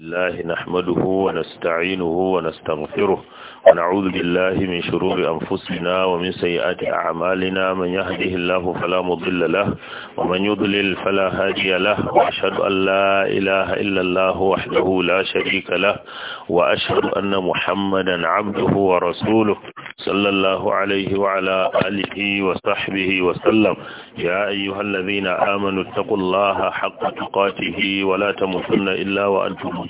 الله نحمده ونستعينه ونستغفره ونعوذ بالله من شرور أنفسنا ومن سيئات أعمالنا من يهده الله فلا مضل له ومن يضلل فلا هادي له وأشهد أن لا إله إلا الله وحده لا شريك له وأشهد أن محمدا عبده ورسوله صلى الله عليه وعلى آله وصحبه وسلم يا أيها الذين آمنوا اتقوا الله حق تقاته ولا تموتن إلا وأنتم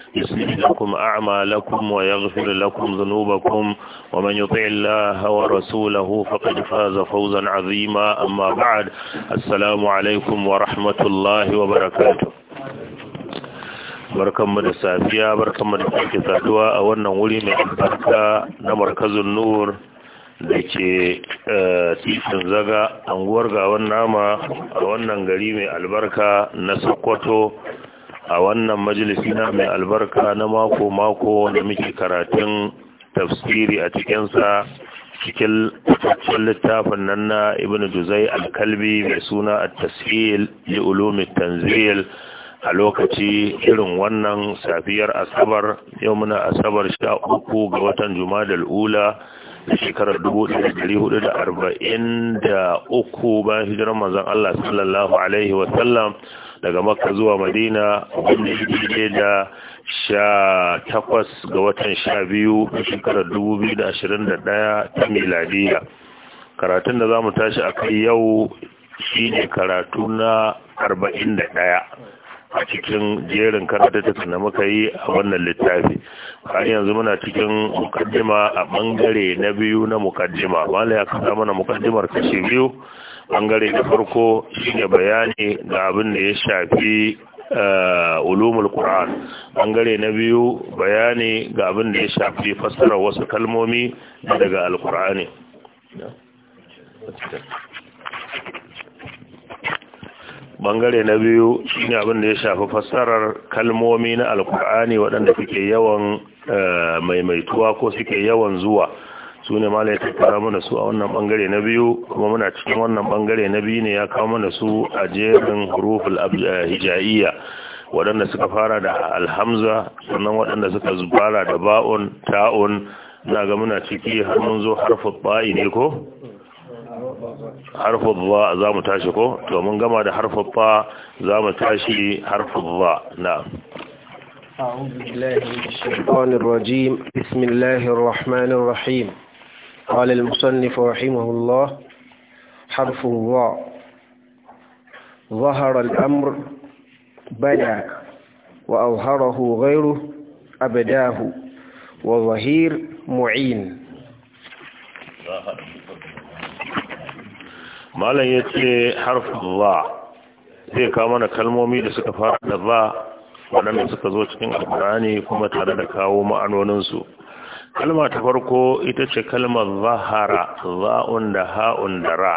يصلح لكم أعمالكم ويغفر لكم ذنوبكم ومن يطع الله ورسوله فقد فاز فوزا عظيما أما بعد السلام عليكم ورحمة الله وبركاته barkanmu da safiya barkanmu da sake saduwa a wannan wuri mai albarka na markazin nur da ke titin zaga anguwar gawan nama a wannan gari mai albarka na sokoto a wannan majalisi na mai albarka na mako-mako da muke karatun tafsiri a cikinsa cikin tafaccen littafin nan na ibn juzai alkalbi mai suna a tasir li ulumi tanzil a lokaci irin wannan safiyar asabar yau muna asabar sha uku ga watan jumadal ula da shekarar uku bayan hijirar manzon Allah sallallahu alaihi wasallam daga makka zuwa madina wanda ya da sha takwas ga watan sha biyu a shekarar dubu biyu da ashirin da daya ta miladiya karatun da za mu tashi a kai yau shi ne karatu na arba'in a cikin jerin karatun da muka yi a wannan littafi har yanzu muna cikin mukaddima a bangare na biyu na mukaddima wala ya kasa mana mukaddimar kashi biyu bangare na farko shine bayani da abin da ya shafi eh, ulumul qur'an bangare na biyu bayani ga abin da ya shafi fassara wasu kalmomi daga alqur'ani bangare na biyu shine abin da ya shafi fassarar kalmomi na alqur'ani waɗanda suke yawan eh, maimaituwa ko suke yawan zuwa su ne mala ya tattara mana su a wannan bangare na biyu kuma muna cikin wannan bangare na biyu ne ya kawo mana su a jerin huruful eh, hijaiya waɗanda suka fara da alhamza sannan waɗanda suka fara da ba'un ta'un na ga muna ciki har mun zo harfin ba'i ne ko harfin ba za mu tashi ko to mun gama da harfin ba za mu tashi harfin ba na أعوذ بالله من الشيطان الرجيم بسم الله الرحمن الرحيم قال المصنف رحمه الله حرف الظاء ظهر الأمر بدا وأظهره غيره أبداه وظهير معين ما لن يتلي حرف الظاء زي كامانا كلمومي لسك فارق الظاء وانا من سكزوش كما أبراني كما تعدد كاوما عنوانسو kalma ta farko ita ce kalmar zahara za'un da ha'un da ra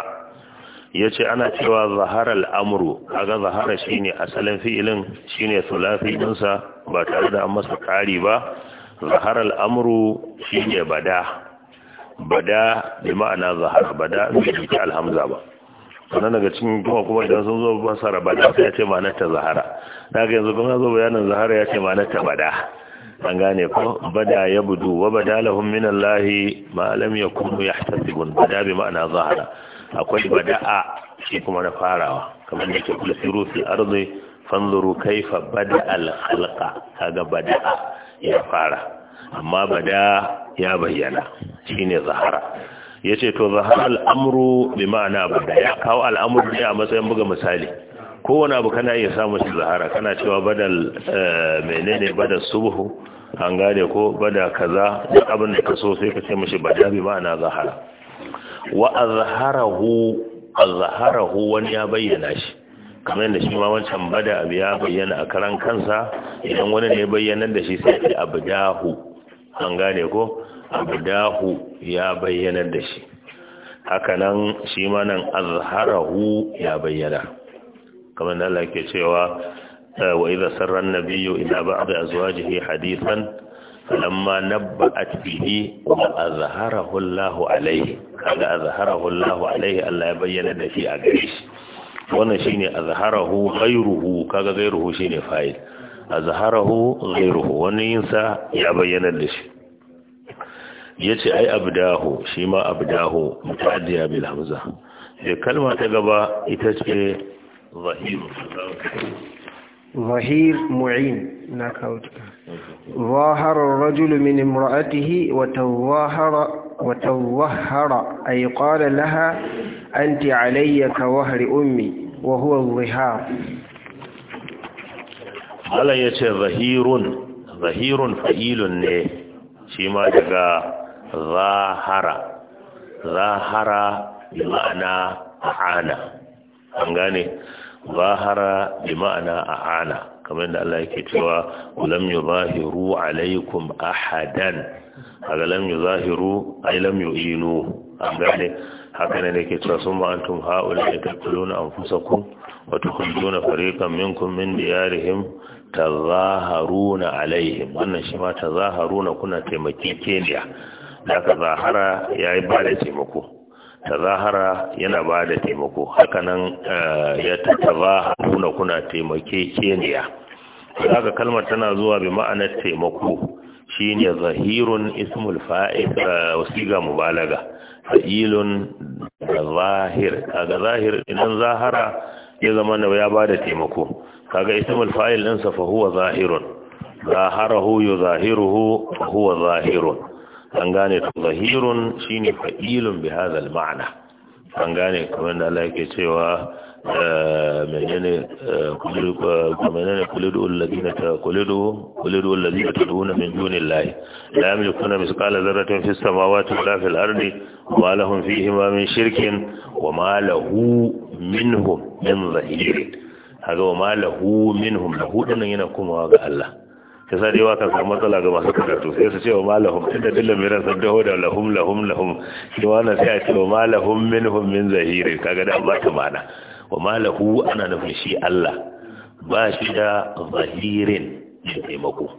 ya ce ana cewa zahara al'amuru ga zahara shine asalin fi'ilin shine sulafi ɗinsa ba tare da an masa ƙari ba zahara al'amuru shine bada bada da ma'ana zahara bada mai bai jiki alhamza ba sannan daga cikin kuma kuma idan sun zo basara bada ya ce ma'anar ta zahara daga yanzu kuma zo bayanin zahara ya ce ma'anar ta bada an gane ko bada ya budu wa bada lahum min Allah ma lam yakunu yahtasibun bada bi ma'ana zahara akwai bada'a shi kuma na farawa kamar da ke kula siru fil ardi fanzuru kaifa bada al khalqa kaga bada'a ya fara amma bada ya bayyana shine zahara yace to zahara al amru bi ma'ana bada ya kawo al'amru ne a matsayin buga misali kowane abu kana iya samun shi zahara kana cewa badal eh, menene badal subuhu? an gane ko bada kaza da abin da ka so sai ka ce mashi bada bi ma'ana zahara wa azharahu azharahu wani ya bayyana shi kamar da shi ma wancan bada abu ya bayyana a karan kansa idan wani ne bayyana da shi sai ya abdahu an gane ko abdahu ya bayyana da shi haka nan shi ma nan azharahu ya bayyana kamar da Allah ke cewa وإذا سر النبي إلى بعض أزواجه حديثا فلما نبأت به وأظهره الله عليه هذا أظهره الله عليه ألا يبين ده في أجريش وانا شيني أظهره غيره كذا غيره شيني فايل أظهره غيره وانا ينسى يبين ده yace ai abdahu shi ma abdahu mutaddiya bil hamza sai kalma ta gaba ita ce zahir ظهير معين ظاهر الرجل من امرأته وتظاهر وتظهر أي قال لها أنت علي كوهر أمي وهو الظهار على يتي ظهير ظهير فعيل نه شما ظاهر ظاهر بمعنى أعانى أنغاني zahara bi ma'ana a'ana kamar da Allah yake cewa lam yuzahiru alaikum ahadan kaga lam yuzahiru ay lam yu'inu an gane haka ne yake cewa sun ma antum haula yatquluna anfusakum wa tukhrijuna fariqan minkum min diyarihim tazaharuna alaihim wannan shi ma tazaharuna kuna taimakekeniya da ka zahara yayi ba da taimako tazahara yana ba da taimako hakanan eh, ya tazaharuna kuna taimake keniya zaka kalmar tana zuwa bi ma'anar taimako shine zahirun ismul fa'il eh, wasiga mubalaga fa'ilun zahir kaga zahir idan zahara ya zama da ya bada taimako kaga ismul fa'il ɗinsa, fa huwa zahirun zaharahu yuzahiruhu huwa zahirun an gane zahirun shine fa'ilun bi hadha mana an gane da Allah yake cewa eh, menene eh, eh, menene kulidu alladina ta kulidu kulidu alladina taduna min dunillahi la yamlikuna misqala dharratin fis samawati wala fil ardi wa lahum fihi ma min shirkin wa ma lahu minhum min zahir wa ma lahu minhum lahu dinan yana komawa ga Allah ta sa yawa kan samu matsala ga masu karatu sai su ce wa malahum tunda dillan miran san daho da lahum lahum lahum shi wannan sai a ce wa malahum minhum min zahiri kaga da ba ta mana wa malahu ana nufin shi Allah ba shi da zahirin shi taimako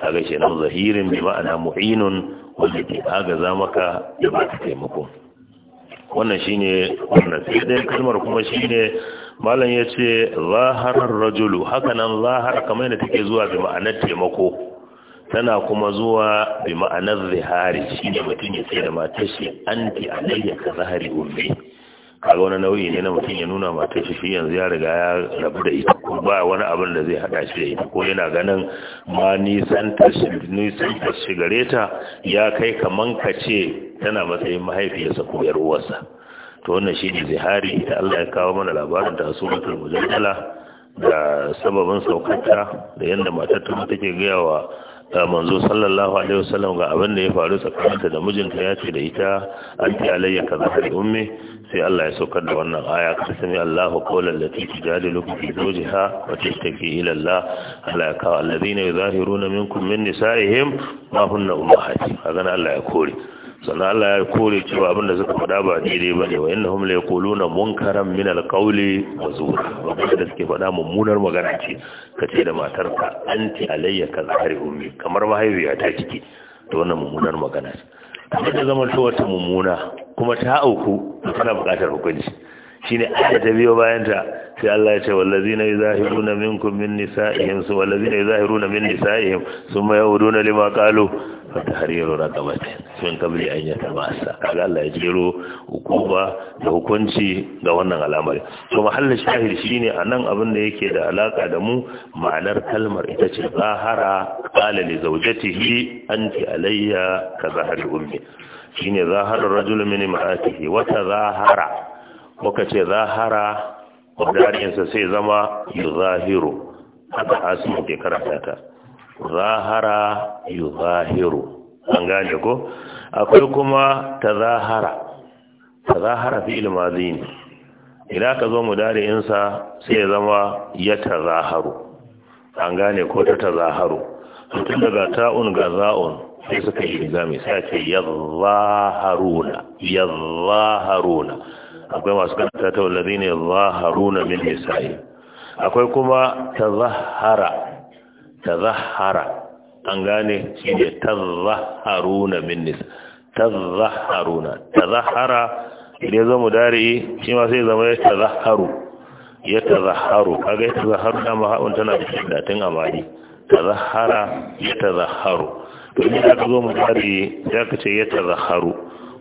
kaga shi nan zahirin bi ma'ana mu'inun wanda ke agaza maka ya ba ta taimako wannan shine wannan sai dai kalmar kuma shine malam ya ce zaharar rajulu hakanan zahar kamar yadda take zuwa bi ma'anar taimako tana kuma zuwa bi ma'anar zihari shi ne mutum ya tsaye da matar shi an ti alayya ka zahari ummi kaga wani nau'i ne na mutum ya nuna matar shi yanzu ya riga ya rabu da ita ko ba wani abin da zai hada shi da ita ko yana ganin ma nisan ta shi gare ta ya kai kaman ka ce tana matsayin mahaifiyarsa ko yar uwarsa to wannan shi ne zihari da Allah ya kawo mana labarin ta mutum mujadala da sababin saukata da yadda matar ta take gaya wa eh, manzo sallallahu alaihi wasallam ga abin da ya faru tsakaninta da mijinta ya ce da ita an ta alayya kaza ummi sai Allah ya saukar da wannan aya ka sami Allahu qawlan lati tujadilukum fi zawjiha wa tashtaki ila Allah ala ka alladhina yuzahiruna minkum min nisaihim ma hunna ummahati kaga Allah ya kore sannan Allah ya kore cewa abin da suka faɗa ba daidai ba ne wa inna hum la yaquluna munkaran min alqawli wa ba wanda da suke faɗa mummunar magana ce ka ce da matarka anti alayya ka zahari umi kamar mahaifiya ta kike ta wannan mummunar magana ce kuma zama ta wata mummuna kuma ta auku tana buƙatar hukunci shine aya ta biyo bayan ta sai Allah ya ce wallazina yuzahiruna minkum min nisa'ihim su wallazina yuzahiruna min nisa'ihim summa yauduna lima qalu fatahriru raqabatin sun kabli an yatabassa kaga Allah ya jiro hukuma da hukunci ga wannan alamar. to mahallin shahid shine anan abin da yake da alaka da mu ma'anar kalmar ita ce zahara qala li zawjatihi anti alayya ka zahari ummi shine zahara rajul min imraatihi wa tazahara muka ce zahara wadarinsa sai zama yuzahiru haka asimu ke karanta ta zahara zahiru. an gane ko akwai kuma ta ta tazahara fi ilmazi ne idan ka zo mu dari'insa sai zama ya ta zaharu, an gane ko ta zaharu. tun daga ta'un ga za'un sai suka yi zami sai ke ya zaharuna ya zaharuna akwai masu ganata ta wallazi ne zaharuna min nisa'i akwai kuma tazahara tazahara an gane shi shine tazaharuna min nisa tazaharuna tazahara idan zama dari shi ma sai zama ya tazaharu ya tazaharu kaga ya tazaharu da maha'un tana da shiddatin amali tazahara ya tazaharu to ne aka zo mu dari ya ta ya tazaharu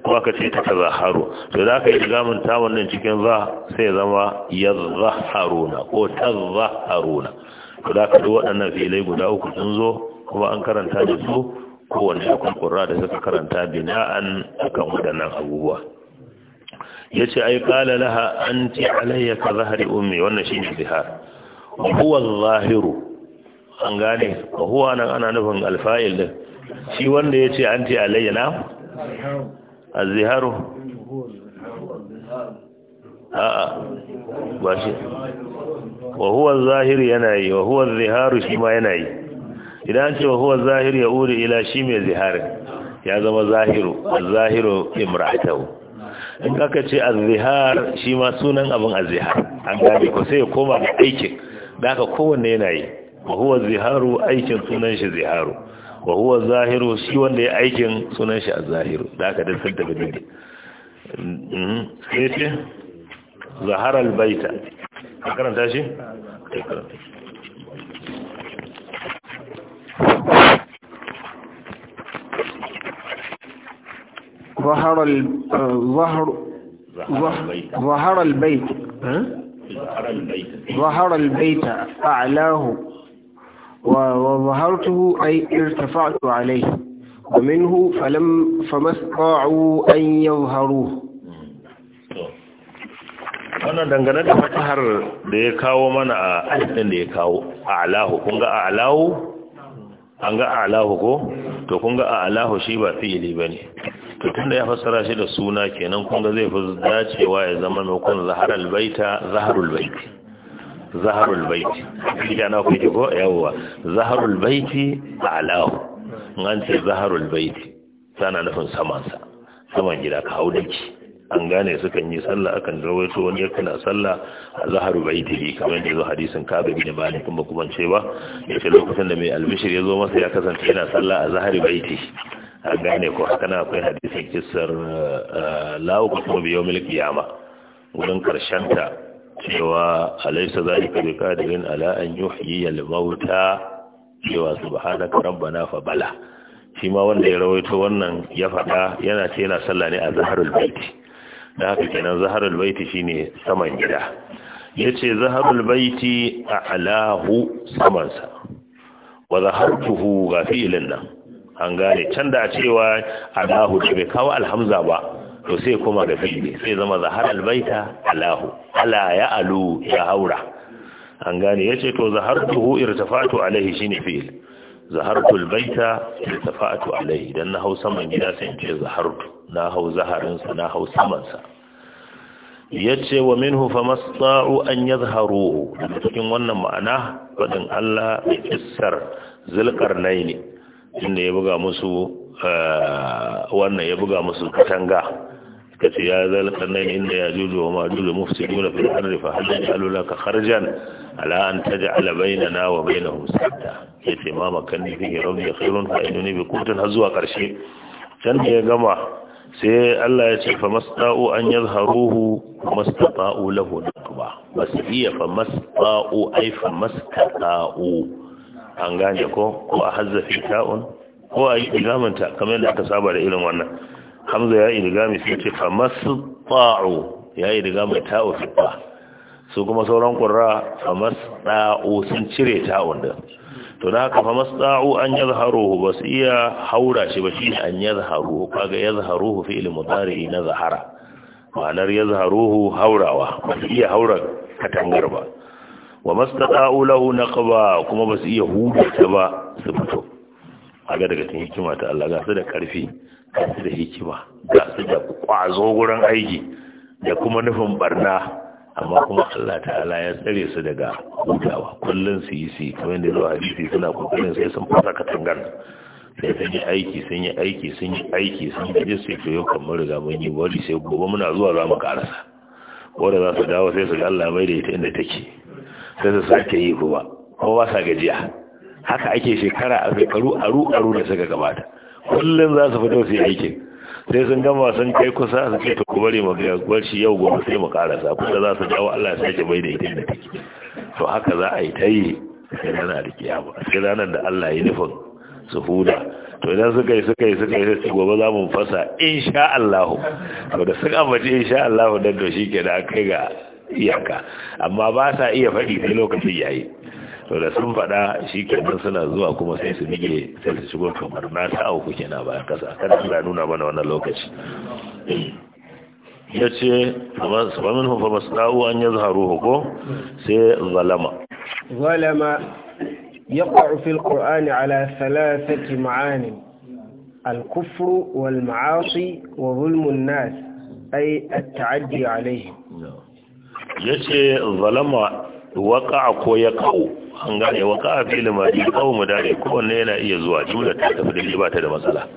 ko aka ce ta tazaharu to za ka yi gamin ta wannan cikin za sai zama ya zaharuna ko ta zaharuna to za ka duk waɗannan filai guda uku sun zo kuma an karanta da su ko wani shakun ƙura da suka karanta an akan waɗannan abubuwa ya ce ai ƙala laha an ce alayya ka zahari ummi wannan shi ne zihar huwa zahiru an gane huwa nan ana nufin alfa'il din shi wanda ya ce an ce alayya na azziharu a'a ba shi wa huwa zahiri yana yi wa huwa ziharu shi ma yana yi idan ce wa huwa zahir ya uri ila shi mai ziharin ya zama zahiru zahiru imra'atahu in kaka ce azhar shi ma sunan abin azhar an gane ko sai ya koma ga aikin da aka kowanne yana yi wa huwa ziharu aikin sunan shi ziharu wa huwa zahiru shi wanda ya aikin sunan shi a zahiru da aka da sun tafi daidai mm-hmm. sai ce zaharar baita a karanta shi? zaharar baita ظهر ظهر ظهر البيت ظهر البيت وظهرته أي ارتفعت عليه ومنه فلم فما استطاعوا أن يظهروه wannan dangane da fatahar da ya kawo mana a alifin da ya kawo a alahu kun ga a alahu an ga a alahu ko to kun ga a alahu shi ba fi'ili ba ne to da ya fassara shi da suna kenan kun ga zai fi dacewa ya zama nukun zaharar baita zaharul baita zaharul baiti gida na ku ji ko yawwa zaharul baiti alahu an ce zaharul baiti sana nufin sa. saman gida ka hau daki an gane sukan yi sallah akan rawaito wani yake na sallah a zaharu bi kamar yadda zo hadisin kabe bin ne, kuma kuma cewa yace lokacin da mai albishir ya zo masa ya kasance yana sallah a zahari baiti an gane ko haka na akwai hadisin kissar eh, eh, lawo kuma biyo milkiyama wurin karshen ta cewa alaysa zalika biqadirin ala an yuhyiya al-mauta cewa su ba subhanaka ba fa bala shi ma wanda ya rawaito wannan ya faɗa yana ce yana sallah ne a zaharul baiti da haka kenan zaharul baiti shine saman gida Ya ce zaharul baiti a'lahu samansa wa zahartuhu ga fi'ilin nan an gane can da cewa a'lahu ce bai kawo alhamza ba to sai kuma da fi'ili sai zama zahar al-Baita alahu ala ya alu ya haura an gane Ya ce to zahartuhu irtafa'tu alaihi shine fil. fi'il zahartu albaita irtafa'tu alaihi dan na hau saman gida sai in ce tu. na hau zaharin sa na hau saman sa yace wa minhu famasta'u an yadhharuhu cikin wannan ma'ana fadin Allah da kissar zulqarnaini inda ya buga musu eh, wannan ya buga musu katanga kace ya zal kannan inda ya juju wa majuju mufsiduna fil ardi fa hal ya'alu laka kharjan ala an taj'ala bainana wa bainahum sadda yace ma makanni fihi rabbi khairun fa inni bi qutan hazwa karshe can da ya gama sai Allah ya ce fa masta'u an yazharuhu mastata'u lahu nakba bas iya fa masta'u ay fa mastata'u an gane ko ko a hazzafi ta'un ko a yi zamanta kamar yadda aka saba da irin wannan hamza ya yi riga mai sai ce famasu ta'o ya yi riga mai ta'o fitba su kuma sauran ƙurra famasu ta'o sun cire ta'o da to da haka famas ta'o an ya zaharo ba su iya haura shi ba shi an ya ba ga ya zaharo fi ilimin tsari na zahara ma'anar ya zaharo haurawa ba su iya haura katangar ba wa mastata'u lahu ƙaba kuma ba su iya huda ta ba su fito ga daga cikin hikima ta Allah ga su da ƙarfi. ga su da hikima ga su da kwazo wurin aiki da kuma nufin barna amma kuma Allah ta'ala ya tsare su daga hutawa kullum su yi su kamar da zuwa hadisi suna kokarin sai sun fasa katangar sai sun yi aiki sun yi aiki sun yi aiki sun yi sai to yau kamar riga mun yi wani sai gobe muna zuwa za mu karasa wanda za su dawo sai su ga Allah mai da ita inda take sai su sake yi kuma kuma ba sa gajiya haka ake shekara a shekaru aru aru da suka gabata kullum za su fito su yi aikin sai sun gama sun kai kusa su ce to ku bari mu ga gwarci yau gobe sai mu karasa kusa za su dawo Allah ya sake bai da ita da take to haka za a yi ta yi sai ranar da kiyama sai ranar da Allah ya nufin su huda to idan suka yi suka yi suka yi sai gobe za mu fasa insha Allah to da suka ambaci insha Allah dan to shike da kai ga iyaka amma ba sa iya faɗi sai lokacin yayi to da sun faɗa shi kenan suna zuwa kuma sai su bige sai su shigo kamar na ta auku ke na bayan kasa kada suna nuna mana wannan lokaci ya ce famin hufa masu ɗa'u an yi zaharu huko sai zalama zalama ya ƙarfi al'ur'ani ala salasati ma'anin alkufru wal ma'asi wa zulmun nas ai a ta'addi alaihim ya ce zalama waka ko ya kawo an gane wa ka fi limadi kawo mu dare kowanne yana iya zuwa jumla ta tafi da ba ta da matsala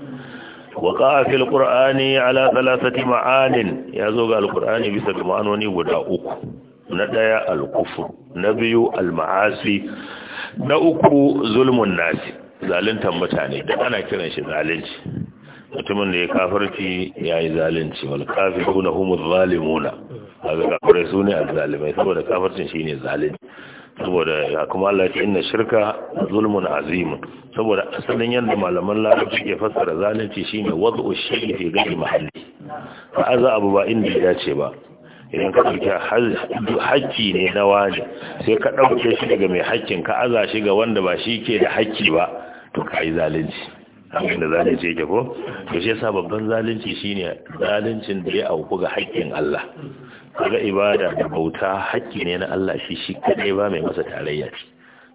wa ka fi alqur'ani ala thalathati ma'anin ya zo ga alqur'ani bisa ga ma'anoni guda uku na daya alkufr na biyu almaasi na uku zulmun nasi zaluntan mutane da ana kiran shi zalunci mutumin da ya kafarci ya yi zalunci wal kafiruna humuz zalimuna kaga kafirai su ne alzalimai saboda shi shine zalunci saboda kuma Allah ya inna shirka zulmun azim saboda asalin yadda malaman lafi suke fassara zalunci shine wad'u shi ke gari mahalli fa za abu ba inda ya ce ba idan ka dauki haƙƙi ne na wani sai ka dauke shi daga mai hakkin ka aza shi ga wanda ba shi ke da hakki ba to kai zalunci amma da zalunci yake ko to shi yasa babban zalunci shine zaluncin da ya auku ga hakkin Allah kaga ibada da bauta hakki ne na Allah shi shi kadai ba mai masa tarayya ce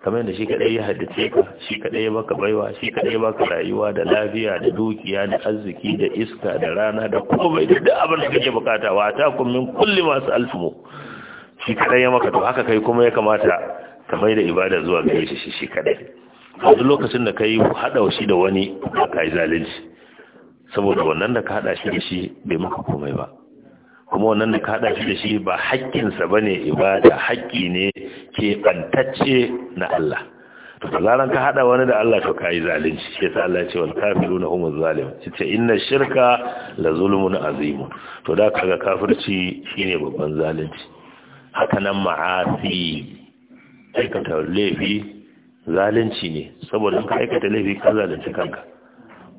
kamar da shi kadai ya haddace ka shi kadai ya baka baiwa shi kadai ya baka rayuwa da lafiya da dukiya da arziki da iska da rana da komai da duk abin da kake bukata wa ta kun min kulli masu alfumu shi kadai ya maka to haka kai kuma ya kamata ka mai da ibada zuwa gare shi shi shi kadai a duk lokacin da kai hada shi da wani ka yi zalunci saboda wannan da ka haɗa shi da shi bai maka komai ba kuma wannan da ka haɗa shi da shi ba haƙƙinsa ba ne ibada haƙƙi ne ke ɓantacce na Allah to zaran ka haɗa wani da Allah to ka yi zalunci shi ta Allah ce wal kafiru na humu zalim ce inna shirka la zulmun azimu to da ka kaga kafirci shine babban zalunci haka nan ma'asi aikata laifi zalunci ne saboda ka aikata laifi ka zalunci kanka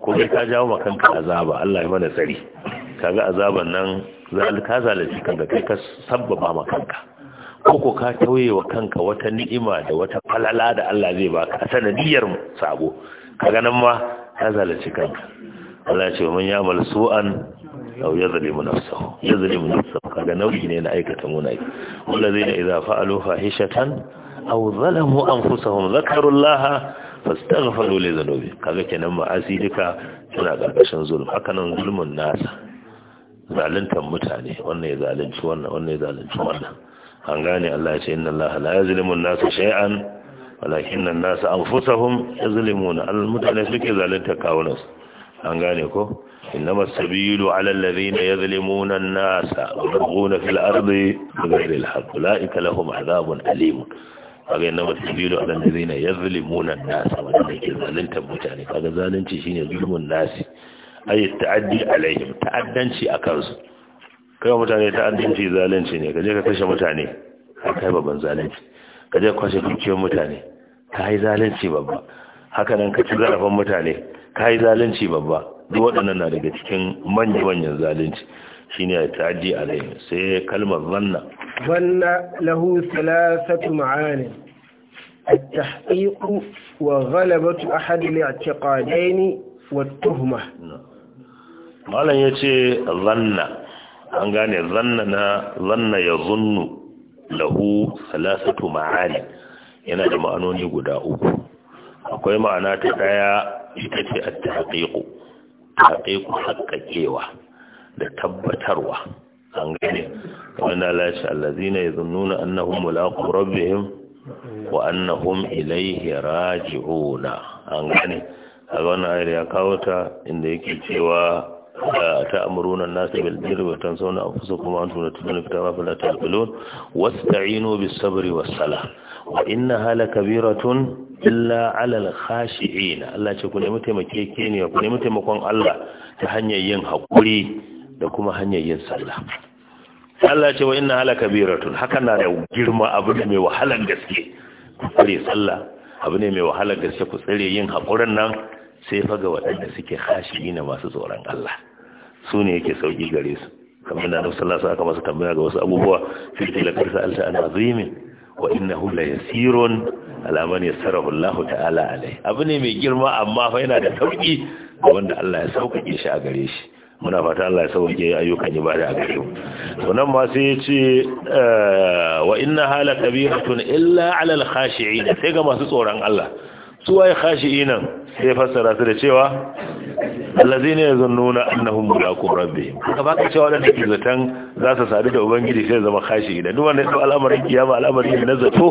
ko kai ka jawo ma kanka azaba Allah ya mana tsari kaga azaban nan zalika zalunci kanka kai ka sabbaba ma kanka koko ka tauye wa kanka wata ni'ima da wata falala da Allah zai baka sanadiyar sabo kaga nan ma ka zalunci kanka Allah ce mun ya'mal su'an aw yadhlimu nafsahu yadhlimu nafsahu kaga nauyi ne na aikata munai wallazina idza fa'alu fahishatan aw zalamu anfusahum zakarullaha fastaghfiru li dhunubi kaga kenan ma'asi duka suna karkashin zulm hakanan zulmun nasa zaluntar mutane wannan ya zalunci wannan wannan ya zalunci wannan an gane Allah ya ce inna Allah la yazlimu an-nasa shay'an walakin an-nasa anfusahum yazlimuna al-mutane suke zalunta kawunansu an gane ko إنما السبيل على الذين يظلمون الناس ويبغون في الأرض بغير الحق أولئك لهم عذاب أليم kaga inna masbilu ala alladhina yazlimuna an nasa wa la yakzalunta mutane kaga zalunci shine zulmun nasi ayi ta'addi alaihim ta'addanci akan su kai mutane ta'addanci zalunci ne kaje ka kashe mutane ka kai babban zalunci kaje ka kashe dukiyar mutane ka yi zalunci babba haka nan ka ci zarafin mutane ka yi zalunci babba duk waɗannan na daga cikin manya-manyan zalunci shine ya ta'addi alaihim sai kalmar zanna zanna lahu thalathatu ma'ani التحقيق وغلبة أحد الاعتقادين والتهمة malam ya ce zanna an gane zanna na zanna ya zunnu lahu salasatu ma'ani yana da ma'anoni guda uku akwai ma'ana ta daya ita ce at-tahqiqu tahqiqu haqqaƙewa da tabbatarwa an gane wannan lashi allazina yazunnuna annahum mulaqu rabbihim wa annahum ilayhi raji'una an gane a wannan ya kawo ta inda yake cewa an تأمرون الناس بالبر وتنسون أنفسكم وأنتم تتلون الكتاب فلا تعقلون واستعينوا بالصبر والصلاة hala Kabiratun illa alal khashi'ina Allah ce ku nemi taimakeke ne ku nemi taimakon Allah ta hanyar yin hakuri da kuma hanyar yin sallah Allah ce wa inna hala kabiratun haka na da girma abu ne mai wahalar gaske ku tsare sallah abu ne mai wahalar gaske ku tsare yin hakurin nan sai fa ga waɗanda suke hashi na masu tsoron Allah su ne yake sauki gare su kamar da Annabi sallallahu aka masu tambaya ga wasu abubuwa fi tilakar alta an azimin wa hula ya siron ala ya sarrafa Allah ta'ala alai abu ne mai girma amma fa yana da sauki ga wanda Allah ya sauƙaƙe shi a gare shi muna fata Allah ya sauƙaƙe ayyukan ibada a gare mu to nan ma sai ce, eh, wa inna hala kabiratun illa alal al-khashi'in sai ga masu tsoron Allah suwaye inan sai fassara su da cewa allazina yazunnuna annahum mulaqu rabbihim ka baka cewa da ke zatan za su sadu da ubangiji sai zama kashi idan duk wanda ya al'amarin kiyama al'amarin na zato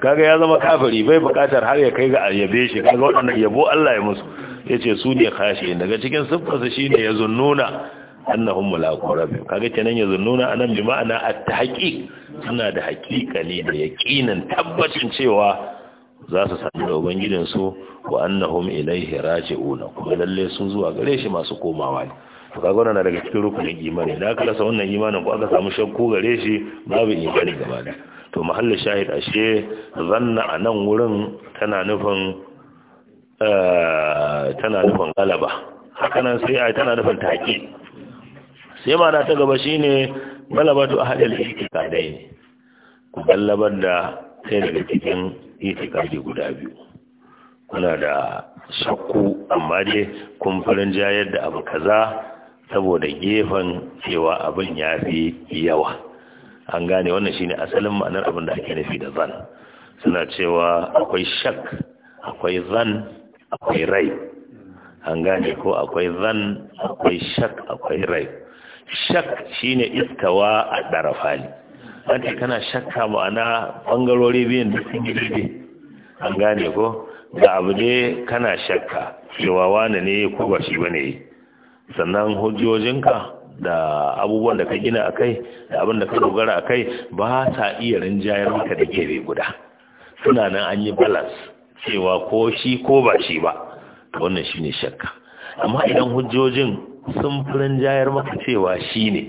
kaga ya zama kafiri bai bukatar har ya kai ga yabe shi kaga waɗannan yabo Allah ya musu yace su ne kashi daga cikin sifarsa shine yazunnuna annahum mulaqu rabbihim kaga kenan yazunnuna anan bi ma'ana at-tahqiq suna da haƙiƙa ne da yaqinan tabbacin cewa za su sami da ubangidansu wa annahum ilaihi raji'una kuma lalle sun zuwa gare shi masu komawa ne to kaga wannan daga cikin rukunin imani da aka rasa wannan imanin ko aka samu shakku gare shi babu imani gaba da to mahallin shahid ashe zanna a nan wurin tana nufin eh, tana nufin galaba hakanan sai ai tana nufin taki sai mana ta gaba shine galabatu ahadil ne ku gallabar da sai daga cikin itikadi guda biyu kuna da sakku amma dai kun farin jayar da abu kaza saboda gefen cewa abin ya fi yawa an gane wannan shine asalin ma'anar abin da ake nufi da zan suna cewa akwai shak akwai zan akwai rai an gane ko akwai zan akwai shak akwai rai shak shine iskawa a darafali wanda kana shakka ma'ana bangarori biyun da sun daidai an gane ko da abu ne kana shakka cewa wane ne ko ba shi bane yi sannan hujjojinka da abubuwan da ka gina a kai da abin da ka dogara a kai ba sa iya rinjayar maka da gefe guda suna nan an yi balas cewa ko shi ko ba shi ba wannan shi ne shakka amma idan hujjojin sun fi rinjayar maka cewa shi ne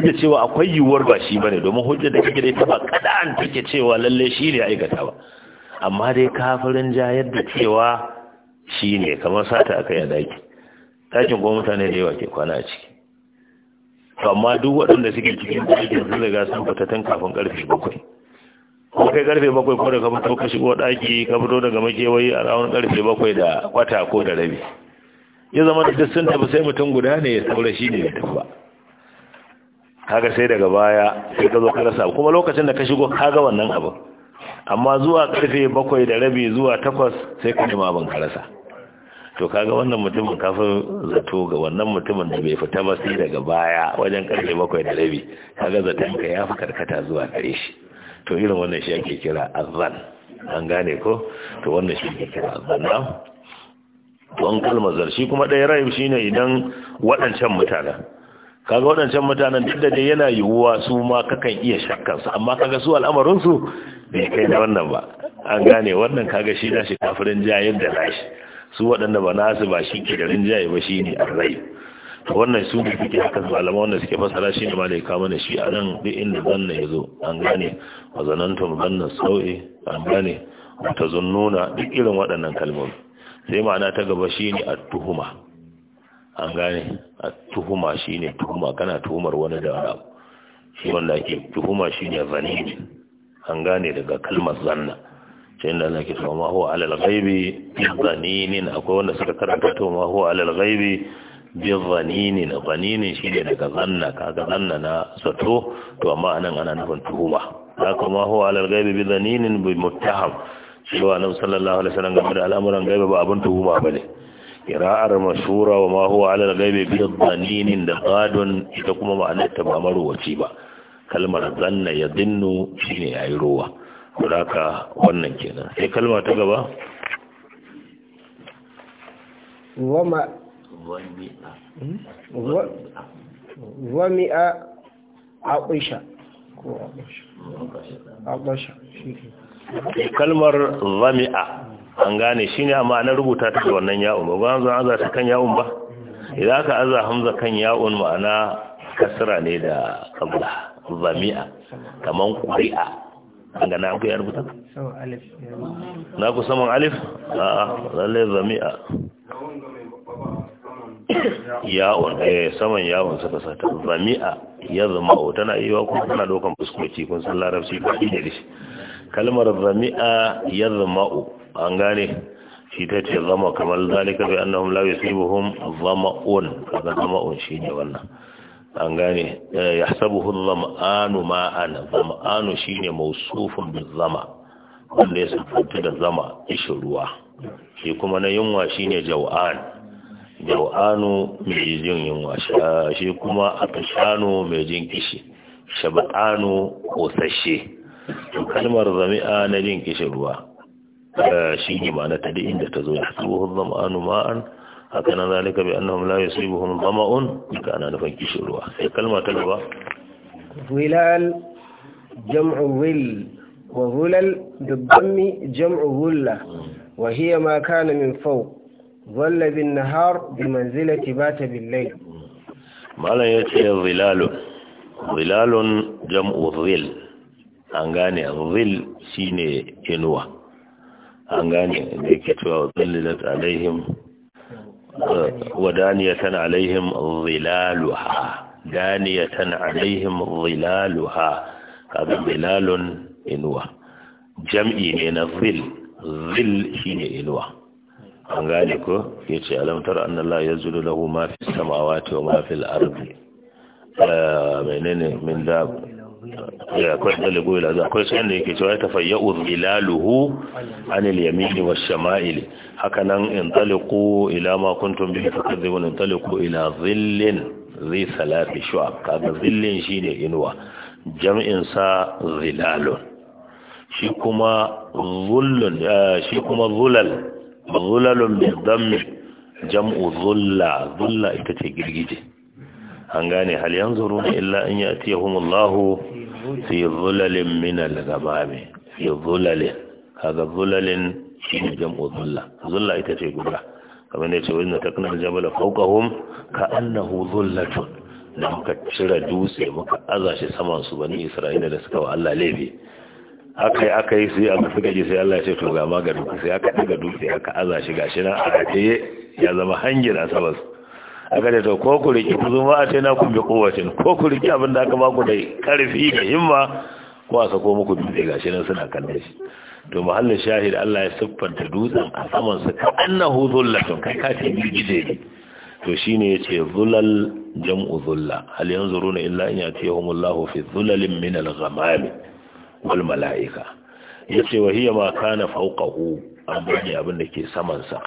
duk cewa akwai yiwuwar ba shi bane domin hujjar da kake da ita ba kada'an take cewa lalle shi ne aikata ba amma dai kafirin ja yadda cewa shi ne kamar sata aka yi daki dakin kuma mutane da yawa ke kwana a ciki to amma duk waɗanda suke cikin dakin sun riga sun fita tun kafin karfe bakwai ko kai karfe bakwai ko da ka fito ka shigo daki ka fito daga makewayi a rawan karfe bakwai da kwata ko da rabi ya zama da duk sun tafi sai mutum guda ne ya saura shi ne ya tafi ba kaga sai daga baya sai ka zo ka rasa kuma lokacin da ka shigo kaga wannan abu amma zuwa karfe bakwai da rabi zuwa takwas sai ka nima abin ka rasa to kaga wannan mutumin kafin zato ga wannan mutumin da bai fita ba sai daga baya wajen karfe bakwai da rabi kaga zaton ka ya fi karkata zuwa gare shi to irin wannan shi ake kira azan an gane ko to wannan shi ake kira azan na don kalmar zarshi kuma ɗaya rayu shine idan waɗancan mutanen kaga waɗancan mutanen duk da dai yana yiwuwa su ma kakan iya shakkansu amma kaga su al'amarinsu bai kai da wannan ba an gane wannan kaga shi nashi kafirin jayen da nashi su waɗanda ba nasu ba shi ke da rinjaye ba shi ne arrai to wannan su ne suke haka su alama wanda suke fasara shi ne ma da ya kama da shi a nan duk inda zanna ya zo an gane wa zanantum zanna sau'i an gane ta zunnuna duk irin waɗannan kalmomi sai ma'ana ta gaba shi ne a tuhuma an gane a tuhuma shine tuhuma kana tuhumar wani da wani abu shi wanda ake tuhuma shine zanini an gane daga kalmar zanna shi da ana ke tuhuma huwa alal ghaibi bi zaninin akwai wanda suka karanta tuhuma huwa alal ghaibi bi zaninin zaninin shine daga zanna kaga zanna na sato to amma anan ana nufin tuhuma haka ma huwa alal ghaibi bi zaninin bi muttaham shi wa annabi sallallahu alaihi wasallam game da al'amuran ghaibi ba abin tuhuma bane kira'ar masura wa ma huwa ala gaibe bi dhaninin da qadun ita kuma ma'anar ta ba maruwaci ba kalmar zanna ya dinnu shine yayi ruwa to wannan kenan sai kalma ta gaba wama wami'a aqisha ko aqisha aqisha kalmar zami'a an gane shi ne amma na rubuta ta da wannan ya'un ba ba zan aza ta kan ya'un ba idan aka aza hamza kan ya'un ma'ana kasra ne da qabla zami'a kaman qari'a an gane an kuya rubuta na ku saman alif a lalle zami'a ya'un eh saman ya'un suka sata zami'a ya zama tana wa kuma tana dokan fuskoci kun san larabci ba ne da shi kalmar zami'a ya zama'u an gane shi ta ce zama kamar zalika bai annahum la yusibuhum zama'un kaga zama'un shine wannan an gane eh, ya sabuhu zama'anu ma'ana zama'anu shine mausufun bil zama wanda ya sifanta da zama ishin ruwa shi kuma na yunwa shine jaw'an jaw'anu mai jin yunwa shi kuma a atashanu mai jin kishi shab'anu kosashe to kalmar zami'a na jin kishin ruwa. Eh, shi ne ma na ta duk inda ta zo da tsohon zama'anu ma'an haka nan zalika bi annahum la yusibuhum zama'un duka ana kishin ruwa. sai kalmar ta gaba wilal jam'u wil wa hulal dubbami jam'u hulla wa hiya ma kana min fau, fawq ظل بالنهار بمنزلة بات بالليل ما لا يتي ظلال ظلال jam'u ظل an gane zil shine inuwa an gane da yake cewa zillat alaihim uh, wadaniyatan alaihim zilaluha daniyatan alaihim zilaluha kaga zilalun inuwa jam'i ne na zil zil shine inuwa an gane ko ce alamtar annallahi yazulu lahu mafi fis samawati wa ma fil ardi uh, menene min dab ya eh, akwai dalibu ila akwai sayan da yake cewa tafayya'u zilaluhu anil yamini was shama'il hakanan in taliqu ila ma kuntum bihi takdhibun in taliku ila zillin zai salafi shu'ab kaga zillin shine inuwa jam'in sa zilalun shi kuma zullun eh, shi kuma zulal zulalun bi dhamm jam'u zulla zulla ita ce girgije an gane hal yanzu ruwa illa an yatihumullahu fi zulalin min al-ghamami fi dhulalin kaga shi ne jam'u zulla zulla ita ce guda kamar ne ce wannan takna jabal fawqahum ka annahu zullatun da muka cira dutse muka azashe saman su bani isra'ila da suka wa Allah laifi aka yi aka yi sai aka suka ji sai Allah ya ce to ga maganin sai aka daga dutse aka azashe. gashi na a ya zama hangin asabar aka da to ko ku riki ku zuma a taina ku bi kowacin ko ku riki abin da aka baku da karfi da himma ko a sako muku dutse gashi nan suna kallon shi to mahallin shahid Allah ya siffanta dutsen a saman su ka annahu zullatun kai ka ce girgije ne to shine yace zulal jam'u zulla hal yanzuruna illa an yatihumullahu fi zulalin min al-ghamam wal mala'ika yace wa hiya ma kana fawqahu amma ne abin da ke saman sa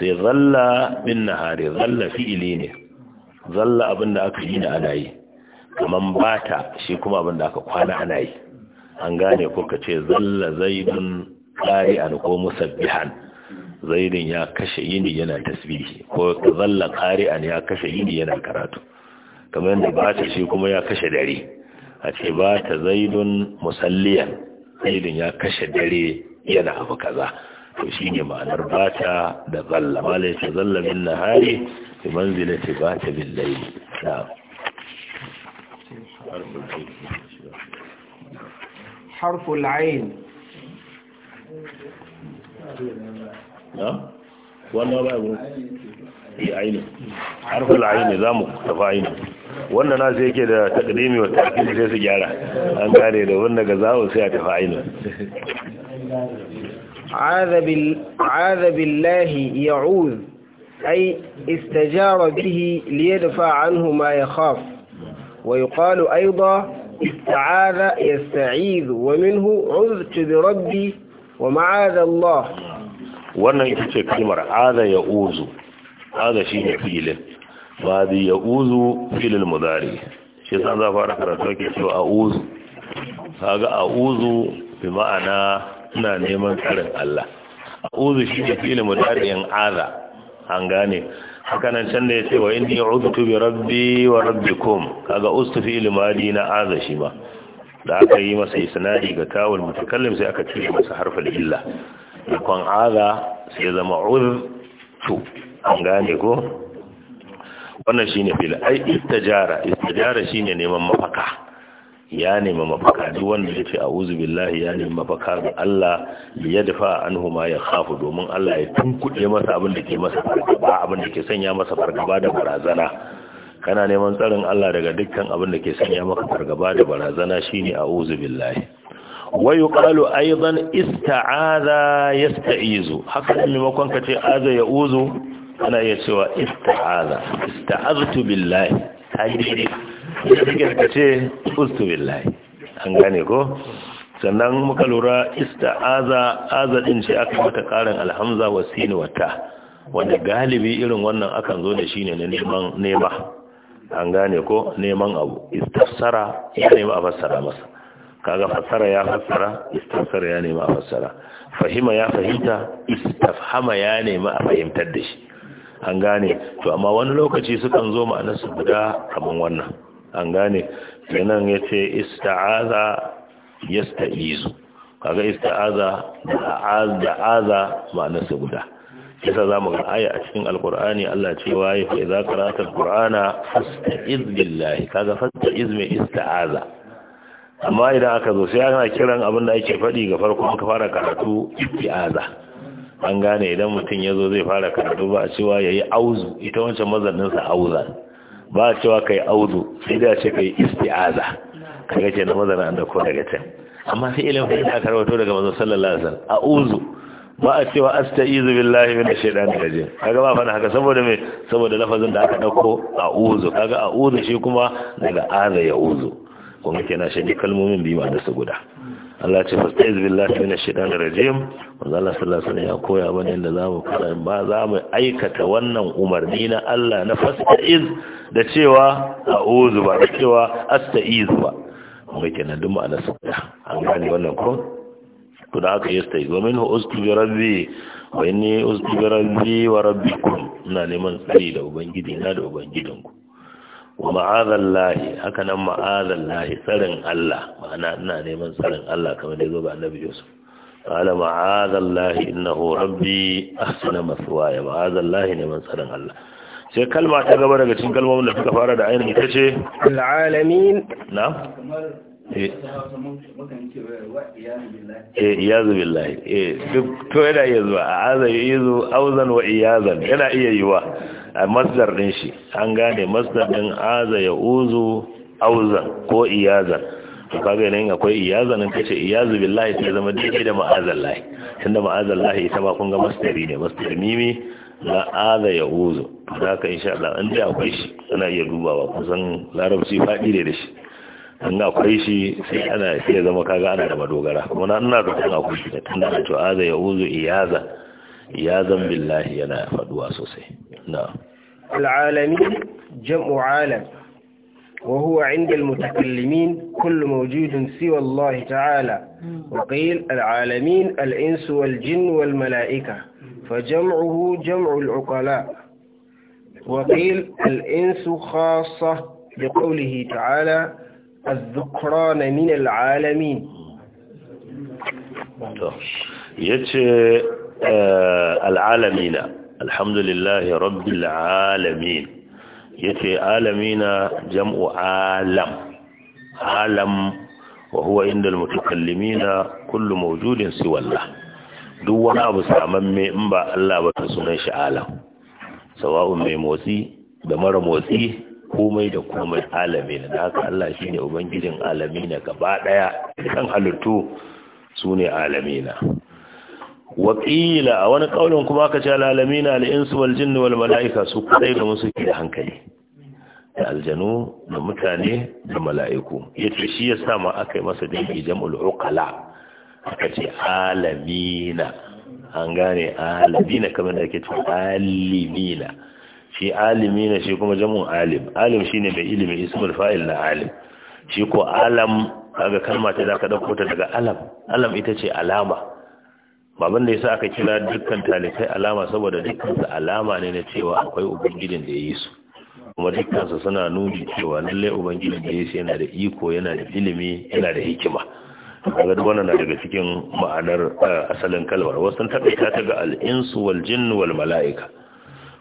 sai zalla min nahari zalla fi'ili ne zalla abinda aka yi da ana yi kaman bata shi kuma abinda aka kwana ana yi an gane ko ka ce zalla zaidun an ko musabbihan zaidun ya kashe yini yana tasbihi ko zalla an ya kashe yini yana karatu kamar yadda bata shi kuma ya kashe dare a ce bata zaidun musalliyan zaidun ya kashe dare yana abu kaza to shine ma'anar bata da zalla malai ta zalla bin nahari fi manzilati bata bin layl na'am حرف العين نعم wannan ba yi eh, aini harfin aini za mu tafi aini wannan na sai yake da takdimi wa tafi sai su gyara an kare da wanda ga zawo sai a tafi aini عاذ بالله يعوذ أي استجار به ليدفع عنه ما يخاف ويقال أيضا استعاذ يستعيذ ومنه عذت بربي ومعاذ الله wannan ita ce kalmar aza ya uzu aza shi ne filin ba da ya uzu filin mudari shi san za fara karatu ke a uzu kaga a uzu bi ma'ana ina neman tsarin Allah a'udhu shi ne fi'il mudari'in aza an gane hakanan can da ce wa inni a'udhu bi rabbi wa rabbi kom. kaga ustu fi'il madi na aza shi ma da aka yi masa isnadi ga kawul mutakallim sai aka cire masa harful illa kon aza sai zama udhu an gane ko wannan shine fil ai istajara istajara shine neman mafaka ya nemi mafaka duk wanda ya ce a'udhu billahi ya nemi mafaka ga Allah ya dafa anhu ma ya khafu domin Allah ya tunkuɗe masa abin da ke masa fargaba abin da ke sanya masa fargaba da barazana kana neman tsarin Allah daga dukkan abin da ke sanya maka fargaba da barazana shine a'udhu billahi wa yuqalu aidan ista'aza yasta'izu haka ne maimakon ka ce aza ya uzu ana iya cewa ista'aza ista'aztu billahi ta da ka ce ustu an gane ko sannan muka lura ista aza aza din ce aka mata karin alhamza wa sin wata. wanda galibi irin wannan akan zo da shine na neman nema an gane ko neman abu istafsara ya nema a fassara masa kaga fassara ya fassara istafsara ya nema a fassara fahima ya fahimta istafhama ya nema a fahimtar da shi an gane to amma wani lokaci sukan zo ma'anarsa guda kamar wannan an gane nan ya ce ista'aza yasta'izu kaga ista'aza da aza na su guda kisa mu ga aya a cikin alkur'ani Allah ce waye fa idza qara'ta alqur'ana fasta'iz billahi kaga fasta'iz mai ista'aza amma idan aka zo sai ana kiran abin da ake fadi ga farko aka fara karatu ista'aza an gane idan mutum ya zo zai fara karatu ba a cewa yayi auzu ita wancan mazanin auzan ba cewa kai auzu sai da ce kai isti'aza kaga ce na mazana an da daga can amma sai ilin fahimta aka karwato daga manzon sallallahu alaihi wasallam a'uzu ba a cewa asta'izu billahi minash shaitani rajim kaga ba fa haka saboda me saboda lafazin da aka dauko a'uzu kaga a'uzu shi kuma daga aza ya ya'uzu kuma kenan shi kalmomin biyu ma da su guda Allah ce fasta fasta'iz billahi minash shaitanir rajim wanda Allah sallallahu alaihi ya koya mana yadda zamu fara ba zamu aikata wannan umarni na Allah na fasta iz da cewa a'udhu ba da cewa asta'iz ba mai kenan duk ma'ana su an gane wannan ko to da aka yasta'iz wa minhu ustu bi rabbi wa inni ustu bi rabbi wa rabbikum ina neman tsari da ubangiji na da ubangijinku wa ma'azallahi haka nan ma'azallahi tsarin Allah ma'ana ina neman tsarin Allah kamar da zo ba annabi Yusuf qala ma'azallahi innahu rabbi ahsana maswaya ma'azallahi neman tsarin Allah sai kalma ta gaba daga cikin kalmomin da suka fara da ainihin ita ce alalamin na eh iyazu eh, billahi eh duk to yana iya zuwa a'aza yuzu auzan wa iyazan yana iya yiwa A masdar din shi an gane masdar din aza ya uzu auzan ko iyazan to kaga yanayin akwai nan kace iyazu billahi sai zama daidai da ma'azallahi tunda ma'azallahi ita ma kun ga masdari ne masdar mimi na aza ya uzu da ka insha Allah an da akwai shi ana iya dubawa kusan larabci fadi ne da shi in akwai shi sai ana sai zama kaga ana da madogara kuma na ina da kan akwai shi tunda to aza ya uzu iyaza iyazan billahi yana faduwa sosai نعم العالمين جمع عالم وهو عند المتكلمين كل موجود سوى الله تعالى وقيل العالمين الإنس والجن والملائكة فجمعه جمع العقلاء وقيل الإنس خاصة لقوله تعالى الذكران من العالمين يتي آه، العالمين alhamdulillahi rabbil alamin yace alamina jam'u alam alam wa huwa inda almutakallimina kullu mawjudin siwa Allah duk wani abu samamme in ba Allah ba ta sunan shi alam sawa'un mai motsi da mara motsi komai da komai alamina da haka Allah shine ubangijin alamina gaba daya kan halittu sune alamina waƙila a wani ƙaunin kuma aka ce alalami na al'insu wal jinni wal mala'ika su kadai da musu ke da hankali da aljanu da mutane da mala'iku ya ce shi ya sa ma aka yi masa dangi jam'ul uqala aka ce alamina an gane alamina kamar da ake ce alimina shi alimina shi kuma jamun alim alim shi ne mai ilimi ismul fa'il na alim shi ko alam kaga kalma ta da ka dauko ta daga alam alam ita ce alama baban da yasa aka kira dukkan talisai alama saboda dukkan alama ne na cewa akwai ubangijin da ya yi su kuma dukkan suna nuni cewa lalle ubangijin da ya yi yana da iko yana da ilimi yana da hikima kaga duk wannan na daga cikin ma'anar eh, asalin kalmar wasu takaita ta ga al-insu wal jinn wal mala'ika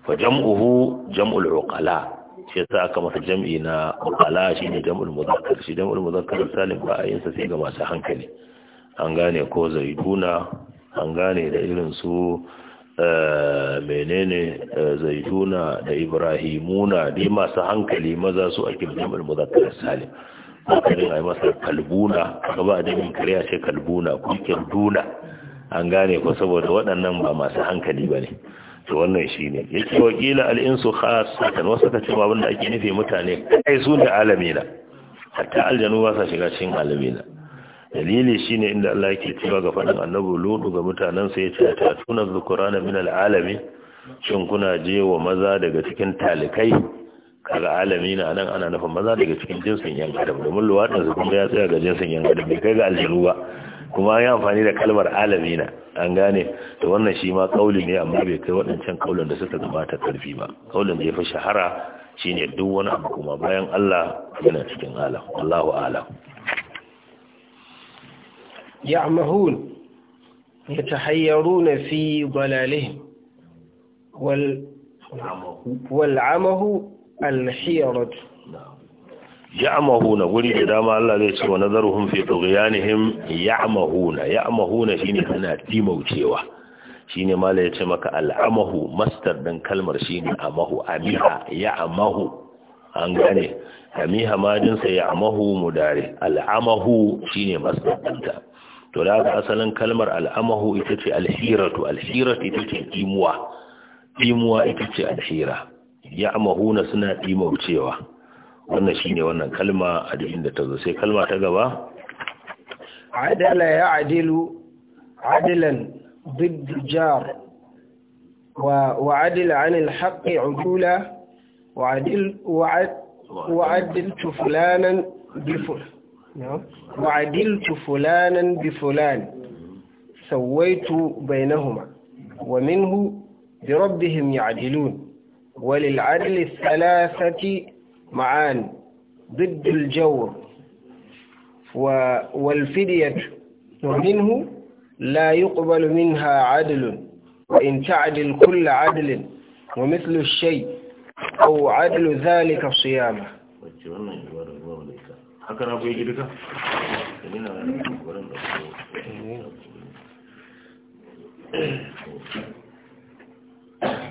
fa jam'uhu jam'ul uqala shi yasa aka masa jam'i na uqala shine jam'ul mudhakkar shi jam'ul mudhakkar salim ba a yin sa sai ga masu hankali an gane ko zaiduna an gane da irin su eh, menene eh, zaituna da ibrahimuna dai masu hankali maza su ake jami'ar muzakkar salim makarin a yi masa kalbuna aka ba da kariya a ce kalbuna kukin duna an gane ko saboda waɗannan ba masu hankali ba ne to wannan shi ne yake wakila al'insu khasatan wasu ka ce babin da ake nufi mutane kai su ne alamina hatta aljanu ba sa shiga cikin alamina dalili shine inda Allah yake cewa ga fadin annabi lodu ga mutanen ya yace ta tuna zukurana min alamin shin kuna je wa maza daga cikin talikai kaga alamina nan ana nufa maza daga cikin jinsin yan adam domin luwaɗin su kuma ya tsaya ga jinsin yan adam bai kai ga aljanu ba kuma ya amfani da kalmar alami na an gane to wannan shi ma kauli ne amma bai kai waɗancan kaulin da suka gabata karfi ba kaulin da ya fi shahara shine duk wani abu kuma bayan Allah yana cikin alam Allahu alam ya ta na fi يعمهون يتحيرون في ضلالهم وال والعمه الحيرة na wuri da dama Allah zai ce wa nazaruhum fi tughyanihim ya'mahuna ya'mahuna shine suna timaucewa shine ya ce maka al'amahu mastar dan kalmar ne. amahu amiha ya'mahu an gane amiha madin sa ya'mahu mudari al'amahu shine mastar danta to da asalin kalmar al'amahu ita ce alhiratu alhiratu ita ce imuwa imuwa ita ce alhira ya amahuna suna cewa wannan shine wannan kalma a dukkan da ta zo sai kalma ta gaba adala ya adilu adilan ضد جار وعدل عن الحق عدولا wa adil فلانا bifur نعم. وعدلت فلانا بفلان سويت بينهما ومنه بربهم يعدلون وللعدل الثلاثة معان ضد الجور والفدية ومنه لا يقبل منها عدل وإن تعدل كل عدل ومثل الشيء أو عدل ذلك صيامه haka na goyi duka Thank you.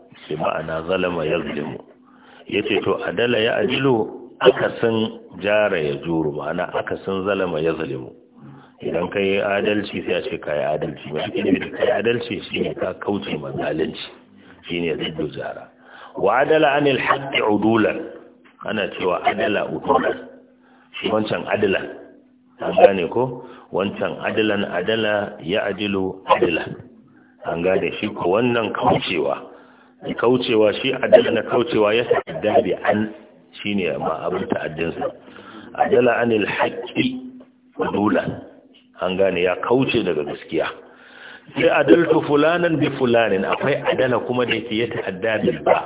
sai ma'ana zalama Ya ce to adala ya aka san jara ya juru ma'ana akasin zalama mu. idan ka yi adalci sai a ce ka yi adalci mai ake ne ka yi adalci shi ne ka kauce ma zalunci shi ne ziddu jara wa adala il haƙƙi udular? ana cewa adala udular. shi wancan adala an gane ko wancan adalan adala ya ajilo adala an gane shi ko wannan kaucewa kaucewa shi adala na kaucewa ya ta'adda bi an shine ma abin ta'addinsa adala anil haqqi fudula an gane ya kauce daga gaskiya sai adaltu fulanan bi fulanin akwai adala kuma da yake ya ta'adda bil ba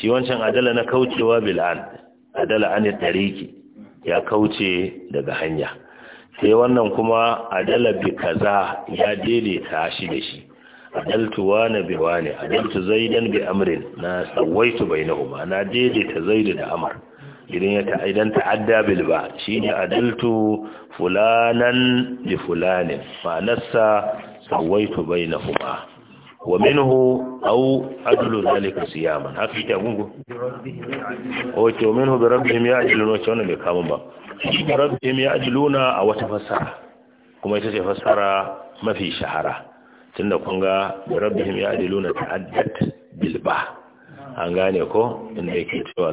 shi wancan adala na kaucewa bil an adala anil tariki ya kauce daga hanya sai wannan kuma adala bi kaza ya daidaita shi da shi adaltu wane bi wane adaltu zaidan bi amrin na sawaitu bainahuma na daidaita zaidu da amr idan ya ta idan ta'adda bil ba shine adaltu fulanan bi fulanin ma'anarsa sawaitu bainahuma wa minhu aw adlu zalika siyaman haka ta gungu o to minhu bi rabbihim ya'diluna to wannan bai kama ba rabbihim ya'diluna a wata fasara. kuma ita ce fasara mafi shahara tunda kun ga rabbihim ya'diluna ta'addat bil an gane ko inda yake cewa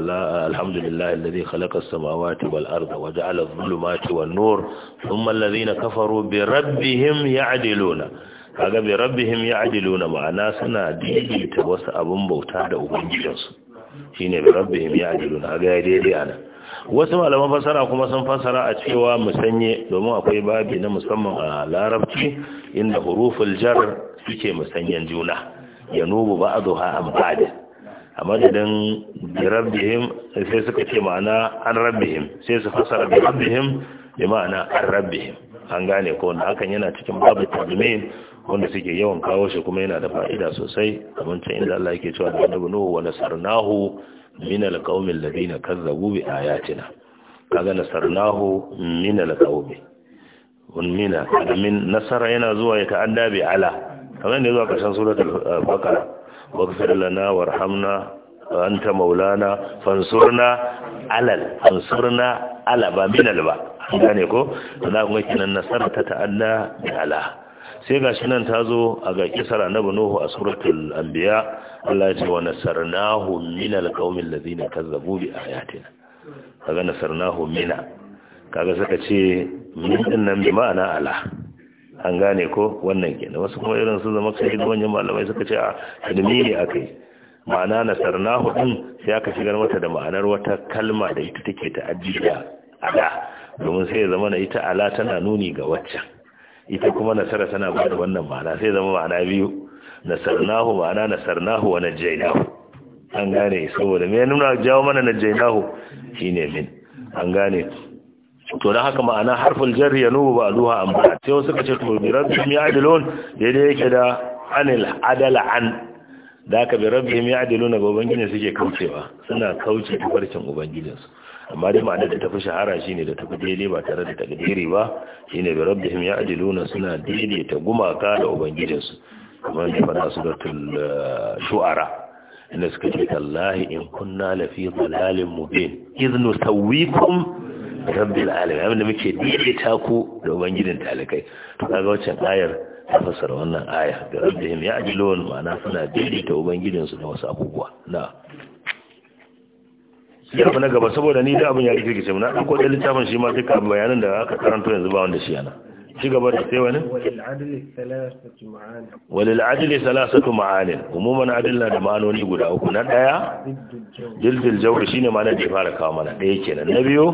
alhamdulillah alladhi khalaqa as-samawati wal arda wa ja'ala adh-dhulumati wan nur thumma alladhina kafaru bi rabbihim ya'diluna kaga bi rabbihim ya'diluna ma'ana suna ta wasu abun bauta da ubangijinsu shine bi rabbihim ya'diluna kaga daidai anan wasu malaman fasara kuma sun fasara a cewa musanye domin akwai babi na musamman a larabci inda hurufin jar suke musanyen juna ya nubu ba a zuha a mutane a madadin rabbihim sai suka ce ma'ana an rabbihim sai su fasara da rabbihim da ma'ana an rabbihim an gane ko na hakan yana cikin babu tadmin wanda suke yawan kawo shi kuma yana da fa'ida sosai can inda Allah yake cewa da annabi nuhu wa nasarnahu min alqaumil ladina kazzabu bi ayatina kaga nasarnahu min alqaumi un mina min nasara yana zuwa ya ta'adda bi ala kamar ne zuwa karshen suratul eh, baqara waghfir lana warhamna anta maulana fansurna alal fansurna ala ba min alba gane ko to da kuma kinan nasara ta ta'adda bi ala sai ga shi nan ta zo a ga kisar annabi nuhu a suratul anbiya Allah ya ce wa nasarnahu min alqaumil ladina kazzabu bi ayatina kaga nasarnahu mina kaga suka ce min din nan bi ma'ana ala an gane ko wannan kenan wasu kuma irin su zama kai sai wannan malamai suka ce a ilimi ne akai ma'ana nasarnahu din sai aka shigar mata da ma'anar wata kalma da ita take ta ajiya ada domin sai ya zama na ita ala tana nuni ga waccan ita kuma nasara tana ba da wannan ma'ana sai zama ma'ana biyu nasarnahu ma'ana nasarnahu wa najjaynahu an gane saboda me nuna jawo mana najjaynahu shine min an gane to dan haka ma'ana harful jar yanubu ba'duha an ba sai wasu ce to bi rabbihim ya'dilun daidai yake da anil adala an da aka bi rabbihim ya'diluna ga ubangiji suke kaucewa suna kauce tafarkin ubangijinsu amma dai ma'ana da tafi shahara shine da tafi daidai ba tare da takdiri ba shine bi rabbihim ya'diluna suna daidai ta gumaka da ubangijinsu kamar da fada suratul eh, shu'ara inda suka ce tallahi in kunna lafi dalalin mubin idnu sawwikum rabbil alamin abinda muke daidaita ku da ubangijin talakai to kaga wancan ayar ta fasara wannan aya da rabbihim ya'dilun ma'ana suna daidai daidaita ubangijinsu da wasu abubuwa na'am sai abu na gaba saboda ni da abin ya rikirkice mu na ɗauko ɗan littafin shi ma ka bayanan da aka karanto yanzu ba wanda shi yana ci gaba da sai wani walil adli salasatu ma'anin umuman adil na da ma'anoni guda uku na daya dildil jawri shine ma'anar da ya fara kawo mana daya kenan na biyu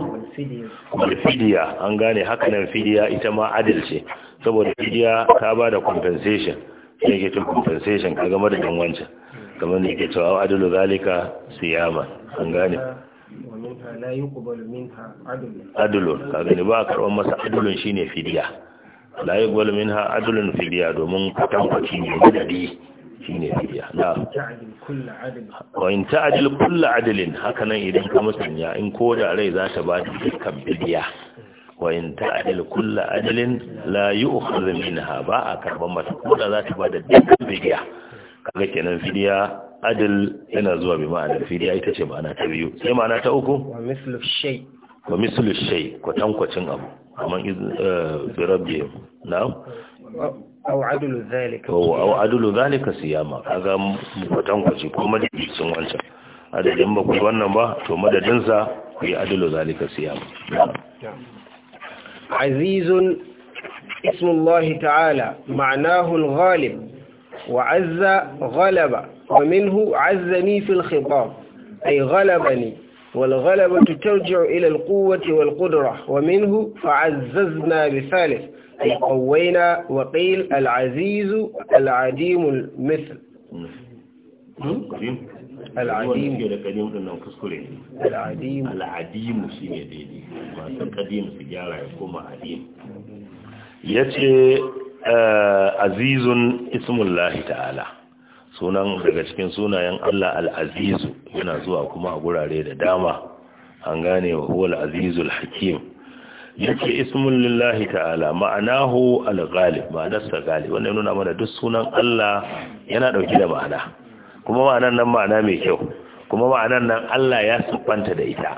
wal fidiya an gane haka nan fidiya ita ma adil ce saboda fidiya ta ba da compensation sai ke to compensation ka da madadin wancan kamar ne ke cewa adilu zalika siyama an gane adulun kaga ne ba karɓar masa adulun shine fidiya la yuqbalu ha adulun fidiya domin kwatankwaci ne madadi shine fidiya na wa in ta'dil kullu adlin hakanan idan ka musanya in ko da rai za ta ba dukkan fidiya wa in ta'dil kullu adlin la yu'khadhu minha ba a karɓar masa ko da za ta ba da dukkan fidiya kaga kenan fidiya adil yana zuwa bi ma'anar fili ita ce ma'ana ta biyu sai ma'ana ta uku wa mislu shay ko tankwacin abu amma eh, bi rabbi na'am aw adulu zalika aw adulu zalika siyama kaga kwatankwaci ko madadin wancan adadin ba ku wannan ba to madadin sa ku yi adulu zalika siyama azizun ismullahi ta'ala ma'anahu al-ghalib وعز غلب ومنه عزني في الخطاب أي غلبني والغلبة ترجع إلى القوة والقدرة ومنه فعززنا بثالث أي قوينا وقيل العزيز العديم المثل العديم العديم العديم العديم العديم العديم العديم العديم العديم عديم العديم آه، عزيز اسم الله تعالى sunan daga cikin sunayen Allah Al'azizu yana zuwa kuma a gurare da dama an gane wa huwa al-azizu al-hakim yake ismun lillahi ta'ala ma'anahu al-ghalib ma'anarsa galib wannan nuna mana duk sunan Allah yana dauke da ma'ana kuma ma'anar nan ma'ana mai kyau kuma ma'anar nan Allah ya siffanta da ita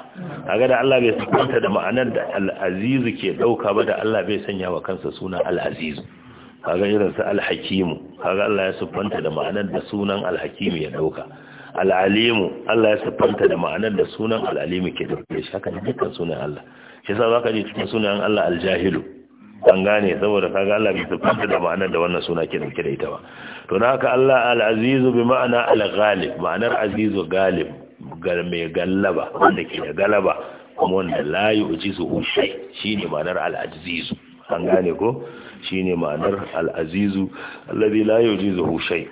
kaga da Allah bai siffanta da ma'anar da al-azizu ke ɗauka ba da Allah bai sanya wa kansa sunan al-azizu kaga irin sa alhakimu kaga Allah ya siffanta da ma'anar da sunan alhakimu ya dauka al'alimu Allah ya siffanta da ma'anar da sunan al'alimu ke dauke shi haka dukkan sunan Allah shi yasa zaka ji cikin sunan Allah aljahilu an gane saboda kaga Allah bai siffanta da ma'anar da wannan suna ke dauke da ita ba to dan haka Allah Al'azizu bi ma'ana alghalib ma'anar azizu galib gar mai gallaba wanda ke da galaba kuma wanda la yu'jizuhu shay shine ma'anar Al'azizu. azizu an gane ko shine ma'anar al-azizu alladhi la yujizuhu shay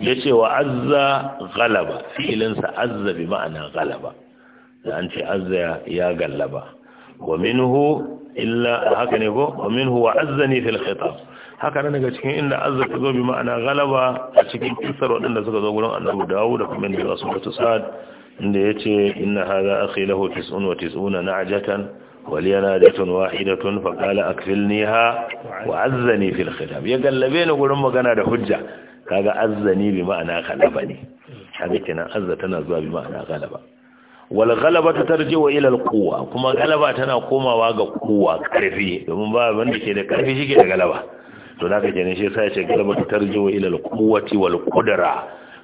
yace wa azza ghalaba filinsa azza bi ma'ana ghalaba da an ce azza ya gallaba wa minhu illa haka ne go wa minhu wa azzani fil khitab haka nan daga cikin inda azza ta zo bi ma'ana galaba a cikin kisar waɗanda suka zo gurin annabi dawo da kuma inda rasulullah sa'ad inda yace inna hadha akhi lahu 99 na'jatan ولي نادة واحدة فقال أكفلنيها وعزني في الخطاب يقلبين قلهم مغانا ده حجة كاغا عزني بمعنى غلبني هذا كنا عزتنا زوا بمعنى غلبة والغلبة ترجع إلى القوة كما غلبة تنا قوما واغا قوة كرفي ومن باب من كده كرفي شيء كده غلبة to da ka kenan shi yasa ya ce galba ta tarjiwa ila al-quwwati wal qudra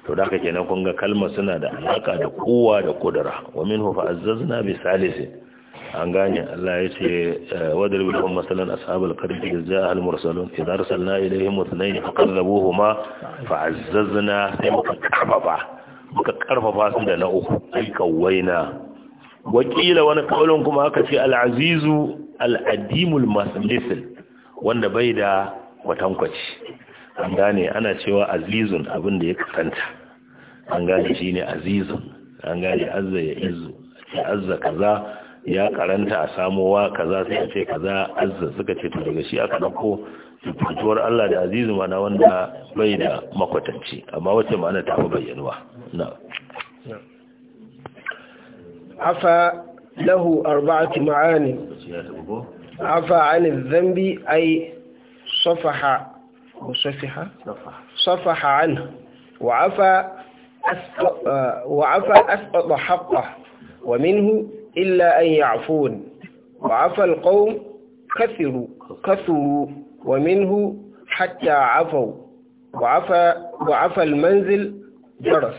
to da ka kenan kun ga kalmar suna da alaka da an gane Allah ya ce eh, wadar bilhum masalan ashabul karfi al mursalun idza arsalna ilayhim muthnayn faqallabuhuma fa sai muka karfafa muka karfafa su da na uku ai kawaina wakila wani kaulin kuma aka ce al-azizu al-adimul maslisil wanda bai da kwatankwaci an gane ana cewa azizun abin da ya kasanta an gane shine azizun an gane azza ya izu azza kaza ya karanta a samowa kaza sai a ce kaza azza suka ce to daga shi aka dauko fituwar Allah da azizu mana wanda bai da makwatanci amma wace ma'ana ta fi bayyanuwa na afa lahu arba'atu ma'ani afa 'ani dhanbi ay safaha wa safaha safaha an wa afa wa afa asqata haqqahu wa minhu illa an ya'fun wa afal qawm kathiru kathuru wa minhu hatta afaw wa afa wa afal manzil jaras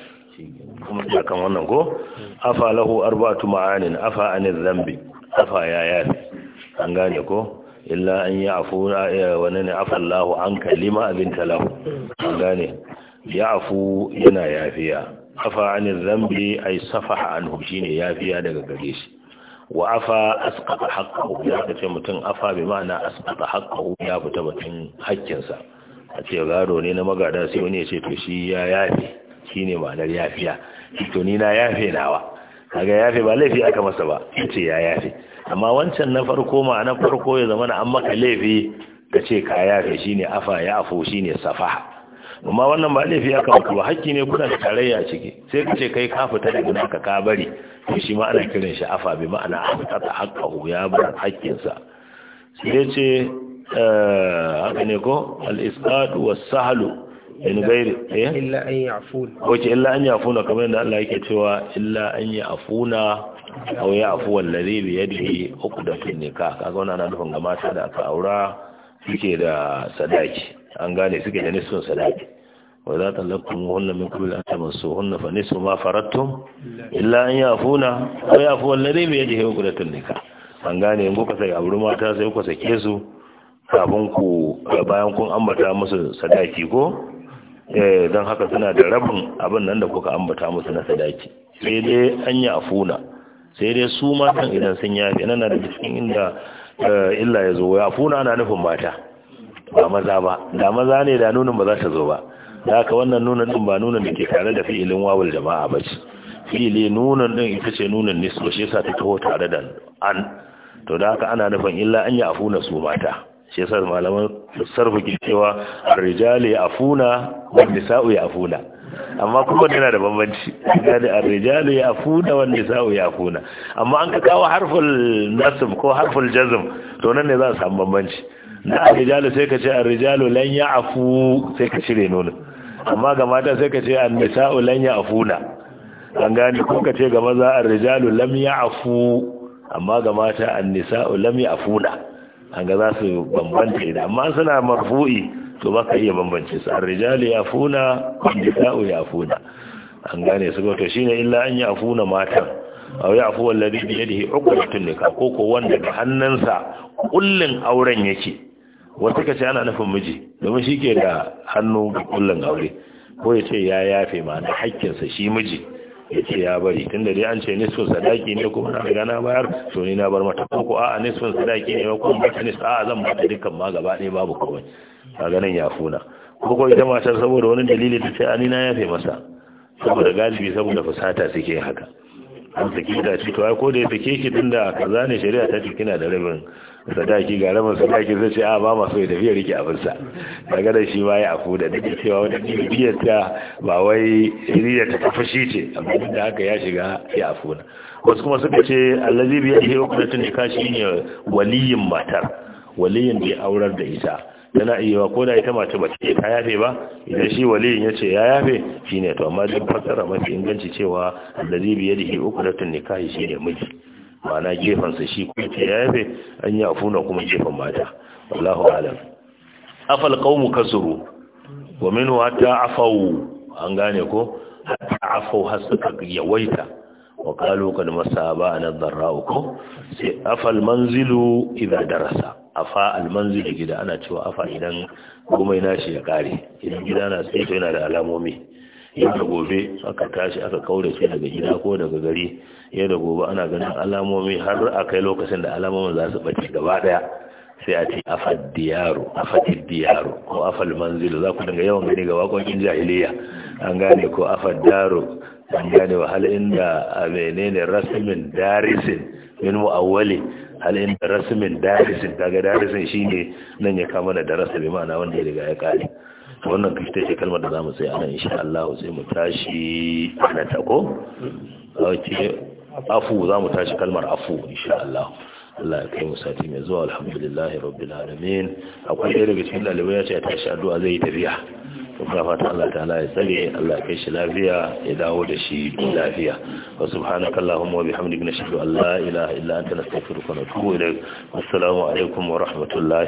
Kuma kan wannan ko afa lahu arba'atu ma'anin afa anil dhanbi afa ya yafi an gane ko illa an ya'fu wani ne afa Allahu an kalima abin talahu an gane ya'fu yana yafiya afa anil zambi ay safaha anhu shine yafiya daga gare shi wa afa asqata haqqahu ya ce mutum afa bi ma'ana asqata haqqahu ya fita batun sa a ce gado ne na magada sai wani ya ce to shi ya yafe shine ma'anar yafiya to ni na yafe nawa kaga yafe ba laifi aka masa ba ce ya yafe amma wancan na farko ma'anar farko ya zama na an maka laifi ka ce ka yafe shine afa ya afu shine safaha amma wannan ba laifi aka muku ba haƙƙi ne kuna da tarayya ciki sai ka ce kai ka fita daga naka ka bari to shi ma ana kiran shi afa bi ma'ana hatta ta haƙƙahu ya bar haƙƙinsa. sa sai ce eh, haka ne ko al-isqat was-sahl in gairi eh illa an ya'fun wace illa an ya'funa kamar yadda Allah yake cewa illa an ya'funa aw ya'fu wallazi bi yadihi uqdatun nikah kaga wannan ana nufin ga mata da aka aura suke da sadaki an gane suke da nisfin sadaki wa za ta lakkun hunna min kubil an tamassu hunna fa nisfu ma farattun? illa an yafuna wa yafu alladhi bi yadihi uqdatun nika an gane in kuka sai aure mata sai kuka sake su kafin ku bayan kun ambata musu sadaki ko eh dan haka suna da rabin abin nan da kuka ambata musu na sadaki sai dai an yafuna sai dai su matan idan sun yafe nan na da cikin inda eh, illa ya zo yafuna na nufin mata ba maza ba da maza ne da nunin ba za ta zo ba da aka wannan nunan din ba nunan da ke tare da fi'ilin wawul jama'a ba ce fi'ili nunan din ita ce ne so shi yasa ta taho tare da an to da aka ana nufin illa an ya afuna su mata shi yasa malaman sarfa ke cewa ar-rijali afuna wan nisa'u ya afuna amma kuma yana da bambanci gani ar-rijalu ya afuna wan nisa'u ya afuna amma an ka kawo harful nasb ko harful jazm to nan ne za a samu bambanci na arijalu sai ka ce arrijalu lan afu sai ka cire nuna amma ga mata sai ka ce an-nisa'u lan afuna. an gani ko ka ce ga maza arrijalu lam afu, amma ga mata an-nisa'u lam ya'funa an ga za su bambanta idan amma suna marfu'i to ba ka iya bambance su arrijalu ya'funa an-nisa'u afuna. an gane su to shine illa an afuna matan aw ya afu wallazi bi yadihi uqdatun nikah ko ko wanda da hannunsa kullun auren yake wata kace ana nufin miji domin shi ke da hannu ga kullun aure ko ya ce ya yafe ma na hakkinsa shi miji ya ce ya bari tun da dai an ce nisfin sadaki ne kuma na riga na bayar to ni na bar mata ko ko a'a nisfin sadaki ne ko mata nisfin a'a zan bada dukkan ma gaba ɗaya babu komai kaga nan ya funa ko ko ita matar saboda wani dalili ta ce a ni na yafe masa saboda galibi saboda fasata suke haka an saki ta ce to ai ko da yake ki tunda kaza ne shari'a ta ce kina da rabin sadaki ga rabin sadaki sai ce a ba masu so ya tafiya rike abinsa daga da shi ma ya afu da dake cewa wata kiriyar ta ba wai kiriyar ta shi ce amma duk da haka ya shiga ya afu na wasu kuma suka ce allazi biya ihe hukumatun nika kashi ne waliyin matar waliyin da ya aurar da ita yana iya ko da ita mace ba ce ta yafe ba idan shi waliyin ya ce ya yafe shine to amma duk fassara mafi inganci cewa allazi biya ihe hukumatun kashi shi ne miji ma'ana gefansa shi kuma ke yafe an yi afuna kuma gefan mata wallahu alam afal qaumu kasuru wa minhu hatta afau an gane ko hatta afau har suka yawaita wa qalu kad masaba an darra'u ko sai afal manzilu idza darasa afa al manzilu gida ana cewa afa idan komai nashi ya kare idan gida na sai to yana da alamomi ya da gobe aka tashi aka kaurace daga gida ko daga gari ya da gobe ana ganin alamomi har a kai lokacin da alamomin za su bace gaba daya sai a ce afal diyaro afatil diyaro ko afal manzilu za ku dinga yawan gani ga waƙoƙin jahiliya an gane ko afal daro an gane wa halin da a menene rasmin darisin min mu'awwali hal inda rasmin darisin daga darisin shine nan ya kama da darasa bi ma'ana wanda ya riga ya kare wannan kishita ce kalmar da za mu sai ana insha Allah sai mu tashi na tako afu za mu tashi kalmar afu insha Allah Allah ya kai mu sati mai zuwa alhamdulillahi rabbil alamin akwai ɗaya daga cikin ɗalibai ya ce ya tashi addu'a zai yi tafiya to muna fata Allah ta'ala ya tsare Allah ya kai shi lafiya ya dawo da shi lafiya wa subhanaka allahumma wa bihamdika nashhadu an la ilaha illa anta nastaghfiruka wa natubu ilaik assalamu alaikum wa rahmatullahi